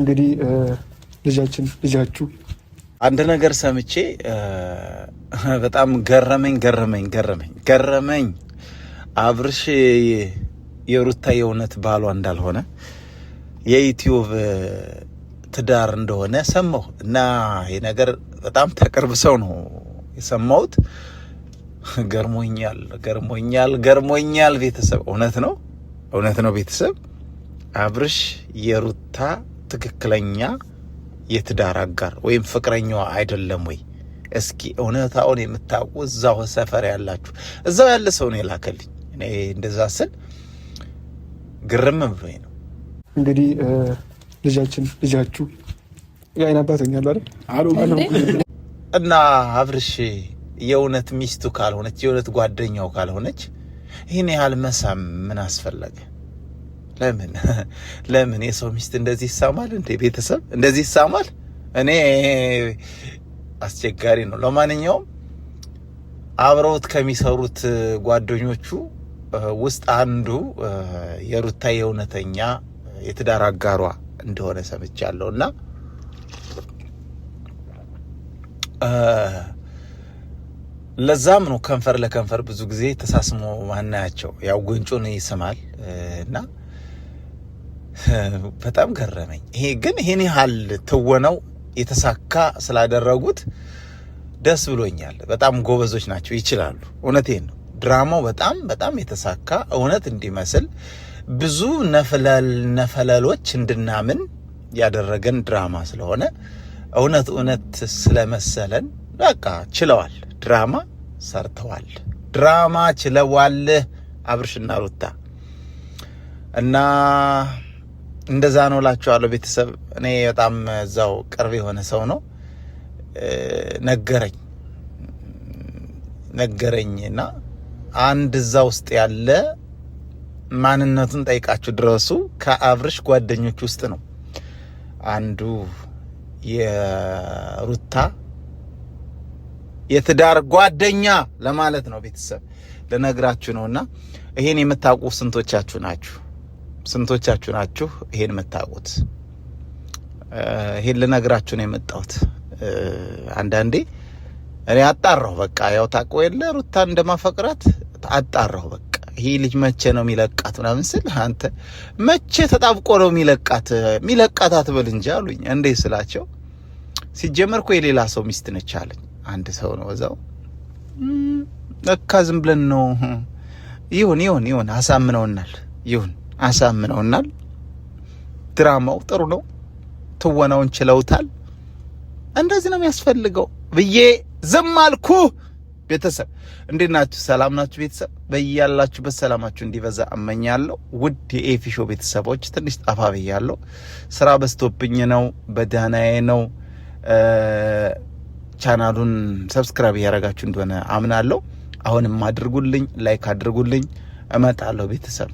እንግዲህ ልጃችን ልጃችሁ አንድ ነገር ሰምቼ በጣም ገረመኝ ገረመኝ ገረመኝ ገረመኝ። አብርሽ የሩታ የእውነት ባሏ እንዳልሆነ የዩትዩብ ትዳር እንደሆነ ሰማሁ እና ይህ ነገር በጣም ተቅርብ ሰው ነው የሰማሁት። ገርሞኛል ገርሞኛል ገርሞኛል ቤተሰብ እውነት ነው እውነት ነው ቤተሰብ አብርሽ የሩታ ትክክለኛ የትዳር አጋር ወይም ፍቅረኛዋ አይደለም ወይ? እስኪ እውነታውን የምታውቁ እዛው ሰፈር ያላችሁ እዛው ያለ ሰው ነው የላከልኝ። እኔ እንደዛ ስል ግርም ብሎኝ ነው። እንግዲህ ልጃችን ልጃችሁ የአይን አባተኛ አሉ እና አብርሽ የእውነት ሚስቱ ካልሆነች የእውነት ጓደኛው ካልሆነች ይህን ያህል መሳም ምን አስፈለገ? ለምን ለምን የሰው ሚስት እንደዚህ ይሳማል? እንዴ? ቤተሰብ እንደዚህ ይሳማል? እኔ አስቸጋሪ ነው። ለማንኛውም አብረውት ከሚሰሩት ጓደኞቹ ውስጥ አንዱ የሩታ የእውነተኛ የትዳር አጋሯ እንደሆነ ሰምቻለሁ እና ለዛም ነው ከንፈር ለከንፈር ብዙ ጊዜ ተሳስሞ ማናያቸው ያው ጉንጩን ይስማል እና በጣም ገረመኝ። ይሄ ግን ይህን ያህል ትወነው የተሳካ ስላደረጉት ደስ ብሎኛል። በጣም ጎበዞች ናቸው፣ ይችላሉ። እውነቴን ነው። ድራማው በጣም በጣም የተሳካ እውነት እንዲመስል ብዙ ነፈለሎች እንድናምን ያደረገን ድራማ ስለሆነ እውነት እውነት ስለመሰለን በቃ ችለዋል። ድራማ ሰርተዋል። ድራማ ችለዋል አብርሽና ሩታ እና እንደዛ ነው እላችኋለሁ። ቤተሰብ እኔ በጣም እዛው ቅርብ የሆነ ሰው ነው ነገረኝ ነገረኝ እና አንድ እዛ ውስጥ ያለ ማንነቱን ጠይቃችሁ ድረሱ ከአብርሽ ጓደኞች ውስጥ ነው አንዱ የሩታ የትዳር ጓደኛ ለማለት ነው ቤተሰብ ልነግራችሁ ነው እና ይሄን የምታውቁ ስንቶቻችሁ ናችሁ? ስንቶቻችሁ ናችሁ ይሄን የምታውቁት? ይሄን ልነግራችሁ ነው የመጣሁት። አንዳንዴ እኔ አጣራሁ። በቃ ያው ታቆ የለ ሩታ እንደማፈቅራት አጣራሁ። በቃ ይሄ ልጅ መቼ ነው የሚለቃት ምናምን ስል አንተ መቼ ተጣብቆ ነው የሚለቃት የሚለቃት አትበል እንጂ አሉኝ። እንዴ ስላቸው ሲጀመር የሌላ ሰው ሚስት ነች አለኝ። አንድ ሰው ነው እዛው ለካ ዝም ብለን ነው ይሁን ይሁን ይሁን አሳምነውናል ይሁን አሳምነውናል። ድራማው ጥሩ ነው፣ ትወናውን ችለውታል። እንደዚህ ነው የሚያስፈልገው ብዬ ዝም አልኩ። ቤተሰብ እንዴት ናችሁ? ሰላም ናችሁ? ቤተሰብ በያላችሁበት ሰላማችሁ እንዲበዛ እመኛለሁ። ውድ የኤፊሾ ቤተሰቦች ትንሽ ጣፋ ብያለሁ። ስራ በዝቶብኝ ነው፣ በደህናዬ ነው። ቻናሉን ሰብስክራይብ እያደረጋችሁ እንደሆነ አምናለሁ። አሁንም አድርጉልኝ፣ ላይክ አድርጉልኝ። እመጣለሁ ቤተሰብ